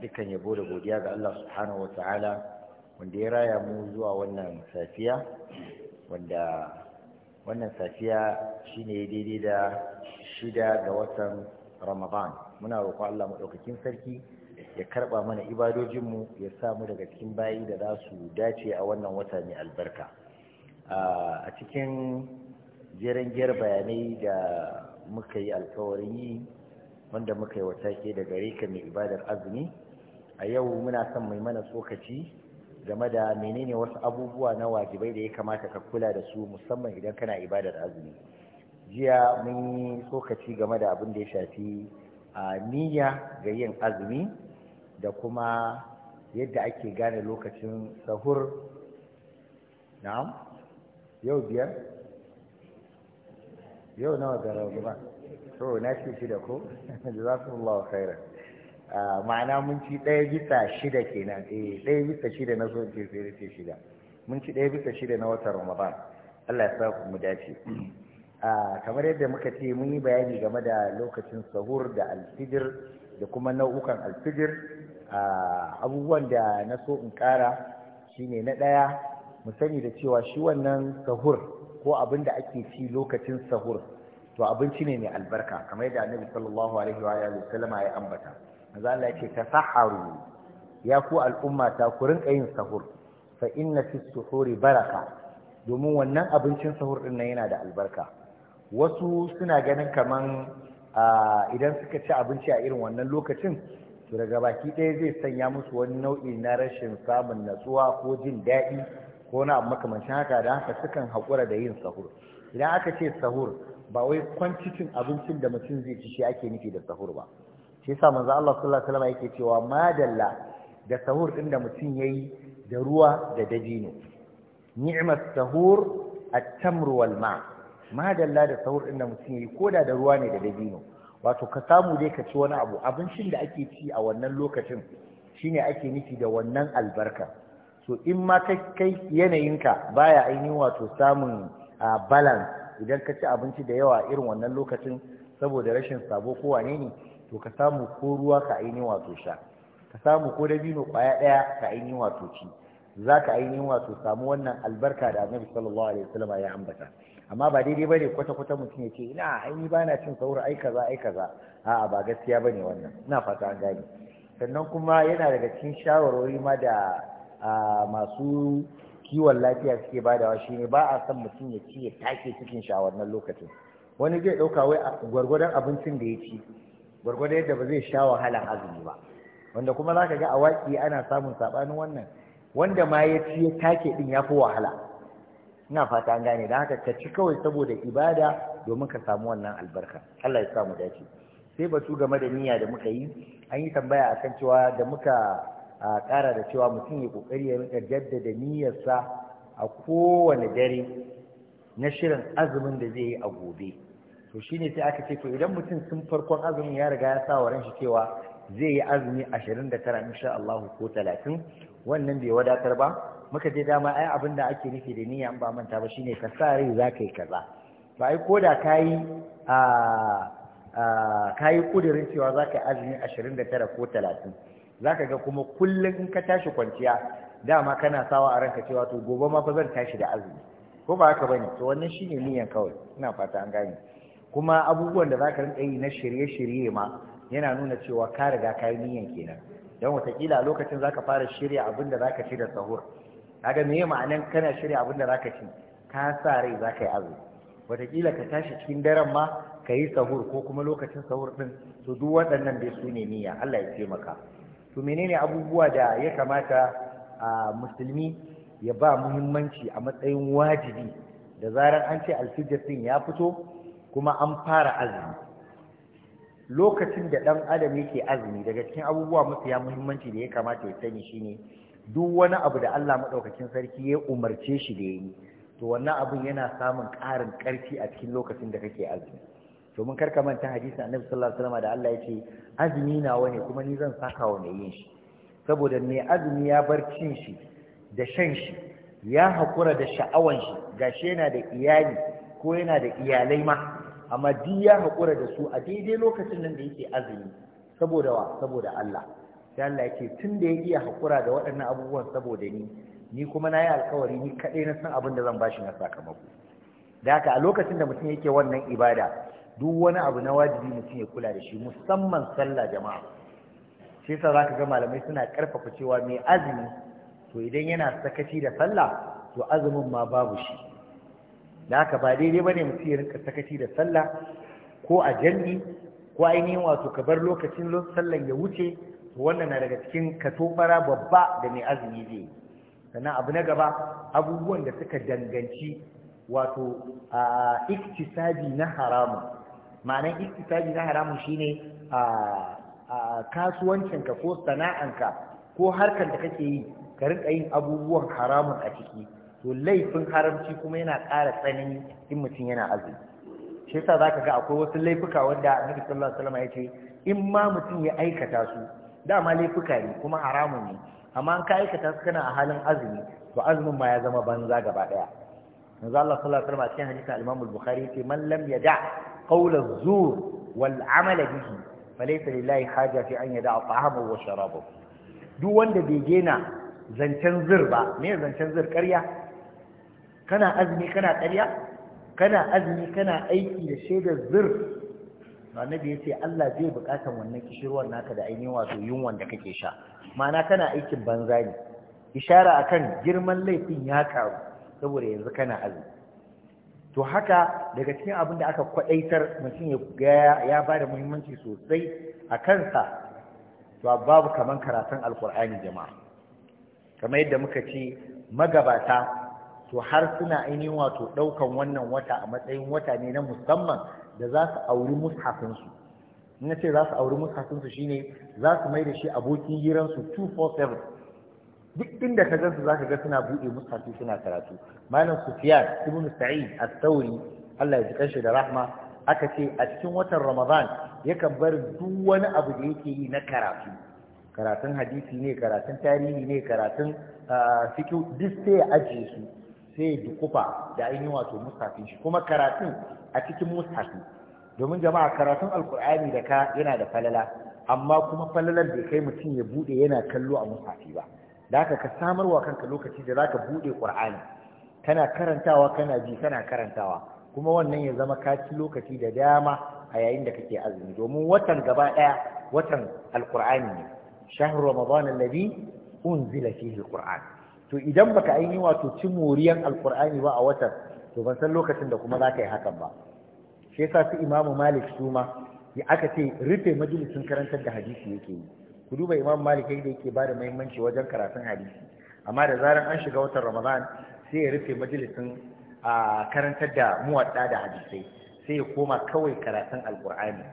dukkan yabo da godiya ga Allah subhanahu wa ta'ala wanda ya raya mu zuwa wannan safiya wanda wannan safiya shine daidai da shida ga watan Ramadan muna roƙon Allah maɗaukakin sarki ya karɓa mana ibadojinmu ya sa mu daga cikin bayi da za su dace a wannan wata mai albarka a cikin jiran bayanai da muka yi alkawarin yi wanda muka yi wata ke da gare ka mai ibadar azumi a yau muna son mai mana tsokaci game da menene wasu abubuwa na wajibai da ya kamata ka kula da su musamman idan kana ibadar azumi jiya mun yi tsokaci game da abin da ya shafi a niyya ga yin azumi da kuma yadda ake gane lokacin sahur na'am yau biyar yau nawa ga ba to na ce shida ko wa khairan ah, ma'ana mun ci ɗaya bisa shida kenan eh ɗaya bisa shida na zuwa ce sai ce shida mun ci ɗaya bisa shida na watan ramadan Allah ya sa mu dace ah, kamar yadda muka ce mun yi bayani game da lokacin sahur da alfijir da kuma nau'ukan alfijir ah, abubuwan da na so in kara shine na ɗaya mu sani da cewa shi wannan sahur ko abin da ake ci lokacin sahur to abinci ne mai albarka kamar yadda annabi sallallahu alaihi wa alihi sallama ya ambata manzo Allah ya ce tasaharu ya ku al'umma ta ku rinka yin sahur fa inna fi suhuri baraka domin wannan abincin sahur din nan yana da albarka wasu suna ganin kaman idan suka ci abinci a irin wannan lokacin to daga baki ɗaya zai sanya musu wani nau'i na rashin samun natsuwa ko jin daɗi ko na abu makamancin haka da haka sukan haƙura da yin sahur idan aka ce sahur ba wai kwancicin abincin da mutum zai ci shi ake nufi da sahur ba shi yasa manzo Allah sallallahu alaihi wasallam yake cewa madalla da sahur din da mutum yayi da ruwa da dajino ni'mat sahur at-tamr wal ma madalla da sahur din da mutum yayi koda da ruwa ne da dajino wato ka samu dai ka ci wani abu abincin da ake ci a wannan lokacin shine ake nufi da wannan albarka so in ma kai kai yanayinka baya ainihin wato samun balance idan ka ci abinci da yawa irin wannan lokacin saboda rashin sabo ko wane ne to ka samu ko ruwa ka ainihin wato sha ka samu ko dabino kwaya daya ka ainihin wato ci za ka ainihin wato samu wannan albarka da annabi sallallahu alaihi wasallam ya ambata amma ba daidai bane kwata kwata mutum ya ce ina aini ba na cin saura ai kaza ai kaza a'a ba gaskiya bane wannan ina fata an gane sannan kuma yana daga cikin shawarwari ma da masu kiwon lafiya suke badawa shine ba a son mutum ya ci ya take cikin shi lokacin wani zai ɗauka wai gwargwadon abincin da ya ci gwargwadon yadda ba zai sha wahalan azumi ba wanda kuma za ka ga a waki ana samun saɓanin wannan wanda ma ya ci ya take din ya fi wahala ina fata an gane da haka ka ci kawai saboda ibada domin ka samu wannan albarka Allah ya sa mu dace sai batu game da niyya da muka yi an yi tambaya akan cewa da muka a ƙara da cewa mutum ya ƙoƙari ya rinka jaddada niyyarsa a kowane dare na shirin azumin da zai yi a gobe to ne sai aka ce to idan mutum sun farkon azumin ya riga ya sa wa ranshi cewa zai yi azumi 29 insha Allah ko 30 wannan bai wadatar ba muka je dama ai abin da ake nufi da niyya in ba manta ba shine ka sa rai za ka yi kaza to ai ko da ka yi a kudirin cewa za ka yi azumi 29 ko 30 zaka ga kuma kullum in ka tashi kwanciya dama kana sawa a ranka cewa to gobe ma fa zan tashi da azumi ko ba haka bane to wannan shine niyan kawai ina fata an gane kuma abubuwan da zaka rinka yi na shirye-shirye ma yana nuna cewa ka riga ka yi niyan kenan don watakila a lokacin zaka fara shirya abin da zaka ci da sahur kaga me ma'anan kana shirya abin da zaka ci ka sa rai zaka yi azumi watakila ka tashi cikin daren ma ka yi sahur ko kuma lokacin sahur din to duk waɗannan dai su ne niyya Allah ya taimaka to menene abubuwa da ya kamata a musulmi ya ba muhimmanci a matsayin wajibi da zarar an ce alfijir ya fito kuma an fara azumi lokacin da ɗan adam yake azumi daga cikin abubuwa ya muhimmanci da ya kamata ya sani ne, duk wani abu da Allah maɗaukacin sarki ya umarce shi da yi to wannan abin yana samun ƙarin ƙarfi a cikin lokacin da kake azumi domin karka manta hadisi annabi sallallahu alaihi wasallam da Allah yake azumi nawa ne kuma ni zan saka wa mai yin shi saboda mai azumi ya bar cin shi da shan shi ya hakura da sha'awan shi gashi yana da iyali ko yana da iyalai ma amma duk ya hakura da su a daidai lokacin nan da yake azumi saboda wa saboda Allah sai Allah yake tun da ya iya hakura da waɗannan abubuwan saboda ni ni kuma na yi alkawari ni kaɗai na san abin da zan ba shi na sakamako da haka a lokacin da mutum yake wannan ibada duk wani abu na wajibi mutum ya kula da shi musamman sallah jama'a shi yasa zaka ga malamai suna karfafa cewa mai azumi to idan yana sakaci da sallah to azumin ma babu shi da haka ba daidai bane mutum ya rinka sakaci da sallah ko a janni ko ainihin wato ka bar lokacin sallan ya wuce to wannan na daga cikin katofara babba da mai azumi zai yi sannan abu na gaba abubuwan da suka danganci wato a iktisabi na haramun ma'anar iktisadi na haramun shine a kasuwancinka ko sana'anka ko harkar da kake yi ka rinka yin abubuwan haramun a ciki to laifin haramci kuma yana ƙara tsanani in mutum yana azumi shi yasa zaka ga akwai wasu laifuka wanda annabi sallallahu alaihi wasallam ya ce in ma mutum ya aikata su dama laifuka ne kuma haramun ne amma an ka aikata su kana a halin azumi to azumin ma ya zama banza gaba daya manzo Allah sallallahu alaihi wasallam a cikin hadisi al-Imam al-Bukhari da. man lam yada' قول الزور والعمل به فليس haja fi an yada ta'amahu wa sharabahu duk bai gena zancen zir ba me zancen zir ƙarya kana azumi kana ƙarya kana azumi aiki da shaidar zir annabi ya Allah zai buƙatar wannan kishirwar naka da ainihin wato yunwan da kake sha ma'ana kana aikin banza ne ishara akan girman laifin ya saboda yanzu kana to haka daga cikin abin da aka kwadaitar mutum ya ya ba da muhimmanci sosai a kansa to babu kamar karatun alkur'ani jama'a kamar yadda muka ce magabata to har suna ainihin wato ɗaukan wannan wata a matsayin wata ne na musamman da za su auri mushafinsu in ce za su auri mushafinsu shine za su mai da shi abokin hiransu 247 duk inda ka gansu ka ga suna buɗe musafi suna karatu malam sufiyan ibnu sa'id at-tawri Allah ya ji kanshi da rahma aka ce a cikin watan ramadan yakan bar duk wani abu da yake yi na karatu karatun hadisi ne karatun tarihi ne karatun ah, fikihu duk sai ya ajiye su sai ya dukufa da ainihin wato musafin shi kuma karatun a cikin musafi domin jama'a karatun alkur'ani da ka yana da falala amma kuma falalar bai kai mutum ya buɗe yana kallo a musafi ba da haka ka wa kanka lokaci da zaka buɗe ƙur'ani? kana karantawa kana ji kana karantawa kuma wannan ya zama kaci lokaci da dama a yayin da kake azumi domin watan gaba ɗaya watan Alƙur'ani ne shahru ramadan alladhi unzila fihi alqur'an to idan baka aini wato ci moriyan alqur'ani ba a watan to ban san lokacin da kuma zaka yi hakan ba shi yasa su imamu malik suma ya aka ce rufe majalisin karantar da hadisi yake yi ku duba imam malik da yake ba da muhimmanci wajen karatun hadisi amma da zarar an shiga watan ramadan sai ya rufe majalisin a karantar da muwadda da hadisai sai ya koma kawai karatun alkur'ani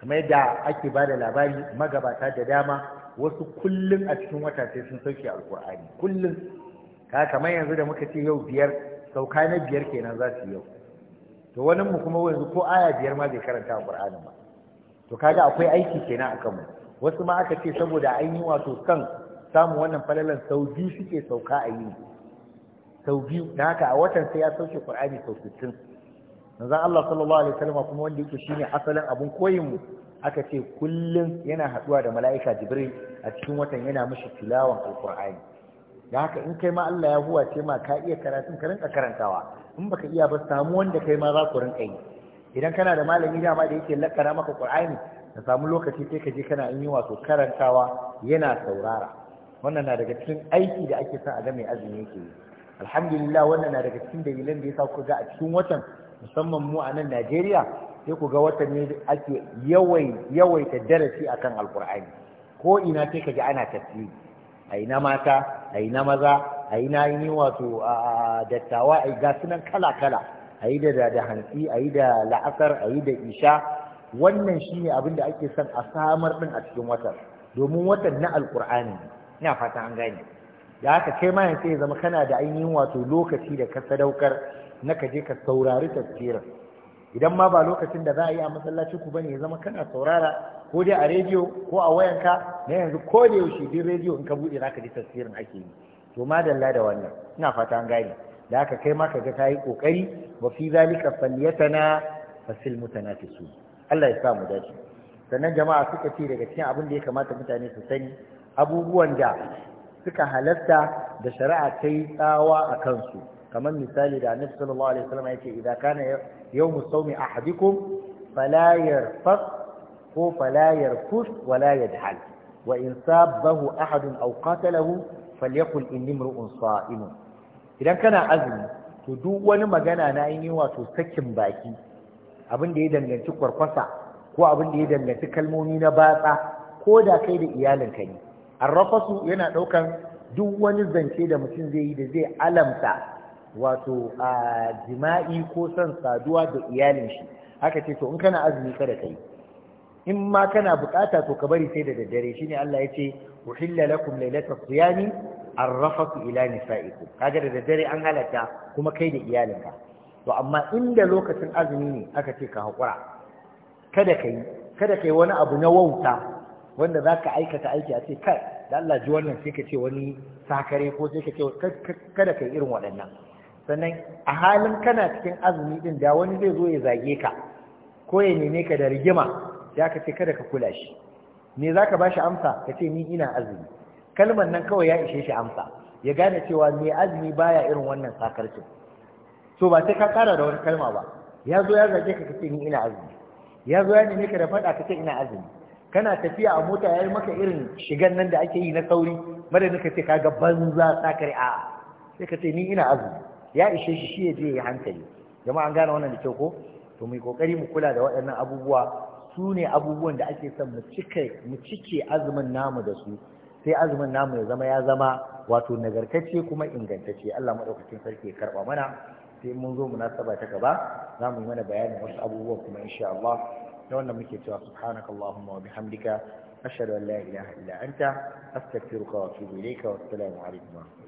kamar yadda ake ba da labari magabata da dama wasu kullum a cikin wata sai sun sauke alkur'ani kullum ka kamar yanzu da muka ce yau biyar sauka na biyar kenan za su yau to wani mu kuma yanzu ko aya biyar ma bai karanta alkur'ani ba to kaga akwai aiki kenan akan mu wasu ma aka ce saboda an yi wato kan samun wannan falalan sau biyu suke sauka a yi sau biyu na haka a watan sai ya sauke qur'ani sau sittin manzon Allah sallallahu alaihi wasallam kuma wanda yake shine asalin abun koyin mu aka ce kullum yana haduwa da mala'ika jibril a cikin watan yana mishi tilawan alqur'ani da haka in kai ma Allah ya huwa ce ma ka iya karatun ka rinka karantawa in baka iya ba samu wanda kai ma za ku rinka yi idan kana da malami dama da yake lakara maka qur'ani ka samu lokaci sai ka je kana in yi wato karantawa yana saurara wannan na daga cikin aiki da ake sa a ga mai azumi yake yi alhamdulillah wannan na daga cikin dalilan da yasa ku ga a cikin watan musamman mu a nan Najeriya sai ku ga watan ne ake yawai yawaita darasi akan alkur'ani ko ina sai ka ana tafsiri a ina mata a ina maza a ina yi wato dattawa a ga sunan kala kala a yi da da hantsi a yi da la'asar a yi da isha wannan shine abin da ake son a samar ɗin a cikin watan domin watan na alkur'ani ina fatan an gane da haka kai ma ya zama kana da ainihin wato lokaci da ka sadaukar na ka je ka saurari tafsirin idan ma ba lokacin da za a yi a masallacin ku bane ya zama kana saurara ko dai a rediyo ko a wayanka na yanzu ko da yaushe din rediyo in ka buɗe zaka ji tafsirin ake yi to madalla da wannan ina fata an gane da haka kai ma ka ga kayi kokari wa fi zalika falyatana fasil mutanafisun Allah ya sa mu dace sannan jama'a suka ce daga cikin abin da ya kamata mutane su sani abubuwan da suka halatta da shari'a ta yi tsawa a kansu kamar misali da annabi sallallahu alaihi wasallam yake idan kana yawmus sawmi ahadikum fala yarfas ko fala yarfus wala yadhal wa in sabahu ahadun aw qatalahu falyakul inni mar'un sa'im idan kana azumi to duk wani magana na yi wato sakin baki abin da ya danganci kwarkwasa ko abin da ya danganci kalmomi na batsa ko da kai da iyalinka ne arrafasu yana ɗaukan duk wani zance da mutum zai yi da zai alamta wato a jima'i ko son saduwa da iyalin shi haka ce to in kana azumi kada kai in ma kana bukata to ka bari sai da daddare shine Allah ya ce uhilla lakum lailatas siyami arrafatu ila nisaikum kaga da daddare an halatta kuma kai da iyalinka to amma inda lokacin azumi ne aka ce ka haƙura kada ka yi kada ka yi wani abu na wauta wanda za ka aikata aiki a ce kai da Allah ji wannan sai ka ce wani sakare ko sai ka ce kada ka yi irin waɗannan sannan a halin kana cikin azumi din da wani zai zo ya zage ka ko ya neme ka da rigima ya ka ce kada ka kula shi me za ka ba shi amsa ka ce ni ina azumi kalmar nan kawai ya ishe shi amsa ya gane cewa me azumi baya irin wannan sakarcin To ba sai ka kara da wani kalma ba ya zo ya zage ka kace ni ina azumi ya zo ya nemi ka da faɗa kace ina azumi kana tafiya a mota ya yi maka irin shigan nan da ake yi na sauri madadin ka ce ka banza sakari a sai ka ce ni ina azumi ya ishe shi shi ya je ya hankali jama'a an gane wannan da kyau ko to mu kokari mu kula da waɗannan abubuwa su ne abubuwan da ake son mu cike mu cike azumin namu da su sai azumin namu ya zama ya zama wato nagartacce kuma ingantacce Allah madaukakin sarki ya karba mana sai mun zo munasaba ta gaba zamu yi mana bayanin wasu abubuwa kuma insha Allah da wannan muke cewa subhanakallahumma wa bihamdika ashhadu an la ilaha illa anta astaghfiruka wa atubu ilayka wa assalamu alaikum wa